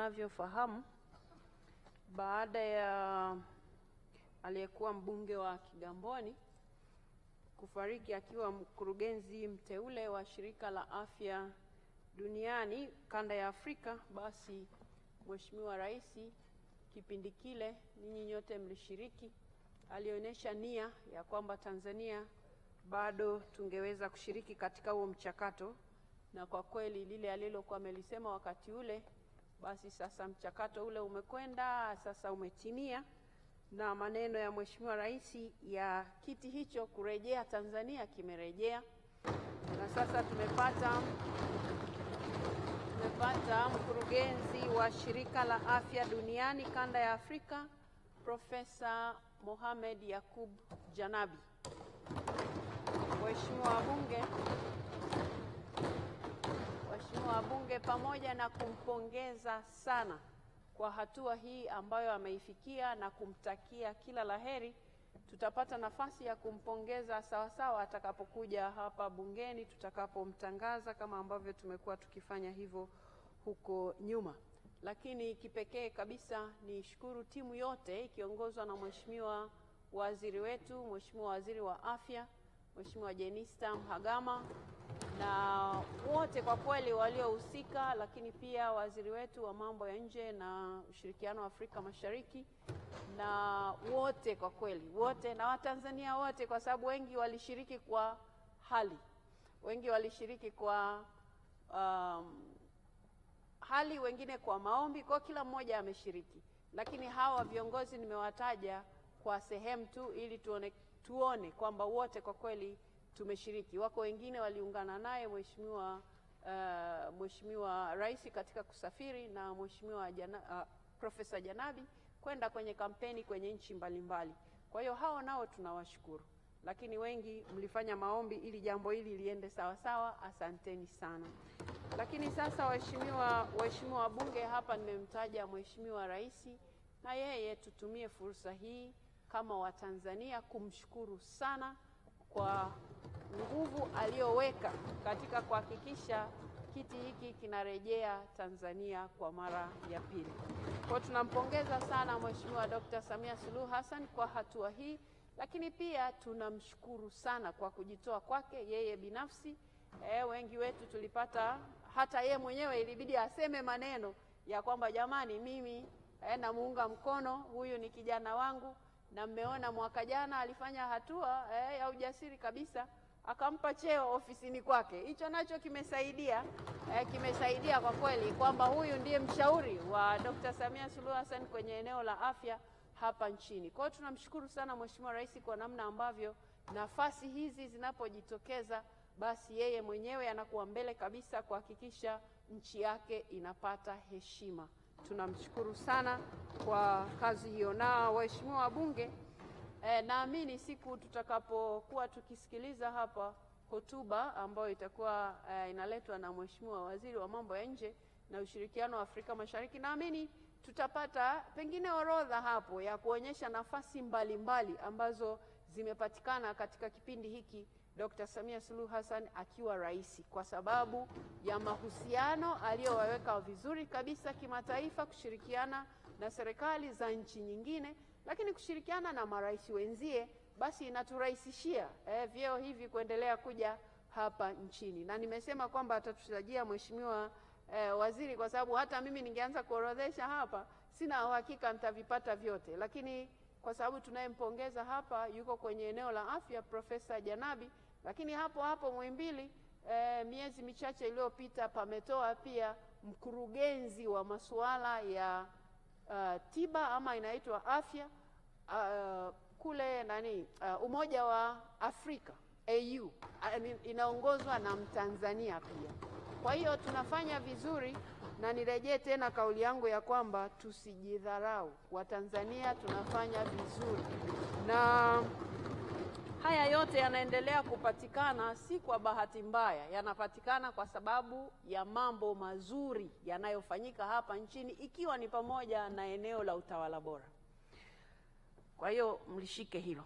mnavyofahamu, baada ya aliyekuwa mbunge wa Kigamboni kufariki akiwa mkurugenzi mteule wa shirika la afya duniani kanda ya Afrika, basi Mheshimiwa Rais kipindi kile ninyi nyote mlishiriki, alionyesha nia ya kwamba Tanzania bado tungeweza kushiriki katika huo mchakato, na kwa kweli lile alilokuwa amelisema wakati ule basi sasa mchakato ule umekwenda sasa, umetimia na maneno ya Mheshimiwa Rais ya kiti hicho kurejea Tanzania kimerejea, na sasa tumepata tumepata mkurugenzi wa Shirika la Afya Duniani kanda ya Afrika Profesa Mohamed Yakub Janabi. Mheshimiwa wabunge Mheshimiwa Bunge pamoja na kumpongeza sana kwa hatua hii ambayo ameifikia na kumtakia kila laheri, tutapata nafasi ya kumpongeza sawa sawa atakapokuja hapa bungeni tutakapomtangaza kama ambavyo tumekuwa tukifanya hivyo huko nyuma. Lakini kipekee kabisa nishukuru timu yote ikiongozwa na Mheshimiwa waziri wetu, Mheshimiwa Waziri wa Afya, Mheshimiwa Jenista Mhagama na wote kwa kweli waliohusika, lakini pia waziri wetu wa mambo ya nje na ushirikiano wa Afrika Mashariki, na wote kwa kweli wote, na Watanzania wote, kwa sababu wengi walishiriki kwa hali, wengi walishiriki kwa um, hali, wengine kwa maombi, kwa kila mmoja ameshiriki, lakini hawa viongozi nimewataja kwa sehemu tu ili tuone, tuone kwamba wote kwa kweli tumeshiriki. Wako wengine waliungana naye mheshimiwa uh, mheshimiwa rais katika kusafiri na mheshimiwa jana, uh, Profesa Janabi kwenda kwenye kampeni kwenye nchi mbalimbali. Kwa hiyo hao nao tunawashukuru, lakini wengi mlifanya maombi ili jambo hili liende sawa sawa. Asanteni sana. Lakini sasa, waheshimiwa waheshimiwa wabunge, hapa nimemtaja mheshimiwa rais, na yeye tutumie fursa hii kama Watanzania kumshukuru sana kwa nguvu aliyoweka katika kuhakikisha kiti hiki kinarejea Tanzania kwa mara ya pili. Kwa tunampongeza sana Mheshimiwa Dkt. Samia Suluhu Hassan kwa hatua hii, lakini pia tunamshukuru sana kwa kujitoa kwake yeye binafsi. Eh, wengi wetu tulipata hata yeye mwenyewe ilibidi aseme maneno ya kwamba jamani, mimi e, namuunga mkono huyu ni kijana wangu na mmeona mwaka jana alifanya hatua eh, ya ujasiri kabisa akampa cheo ofisini kwake. Hicho nacho kimesaidia eh, kimesaidia kwa kweli kwamba huyu ndiye mshauri wa Dr. Samia Suluhu Hassan kwenye eneo la afya hapa nchini. Kwa hiyo tunamshukuru sana Mheshimiwa Rais kwa namna ambavyo nafasi hizi zinapojitokeza basi yeye mwenyewe anakuwa mbele kabisa kuhakikisha nchi yake inapata heshima. Tunamshukuru sana kwa kazi hiyo. Na waheshimiwa wabunge, e, naamini siku tutakapokuwa tukisikiliza hapa hotuba ambayo itakuwa e, inaletwa na Mheshimiwa Waziri wa Mambo ya Nje na Ushirikiano wa Afrika Mashariki, naamini tutapata pengine orodha hapo ya kuonyesha nafasi mbalimbali mbali ambazo zimepatikana katika kipindi hiki Dr. Samia Suluhu Hassan akiwa rais, kwa sababu ya mahusiano aliyowaweka vizuri kabisa kimataifa, kushirikiana na serikali za nchi nyingine, lakini kushirikiana na marais wenzie, basi inaturahisishia eh, vyeo hivi kuendelea kuja hapa nchini, na nimesema kwamba atatutajia mheshimiwa eh, waziri, kwa sababu hata mimi ningeanza kuorodhesha hapa, sina uhakika nitavipata vyote, lakini kwa sababu tunayempongeza hapa yuko kwenye eneo la afya, Profesa Janabi, lakini hapo hapo Muhimbili e, miezi michache iliyopita pametoa pia mkurugenzi wa masuala ya uh, tiba ama inaitwa afya uh, kule nani uh, Umoja wa Afrika AU, inaongozwa na Mtanzania pia. Kwa hiyo tunafanya vizuri, na nirejee tena kauli yangu ya kwamba tusijidharau. Watanzania tunafanya vizuri, na haya yote yanaendelea kupatikana si kwa bahati mbaya, yanapatikana kwa sababu ya mambo mazuri yanayofanyika hapa nchini, ikiwa ni pamoja na eneo la utawala bora. Kwa hiyo mlishike hilo.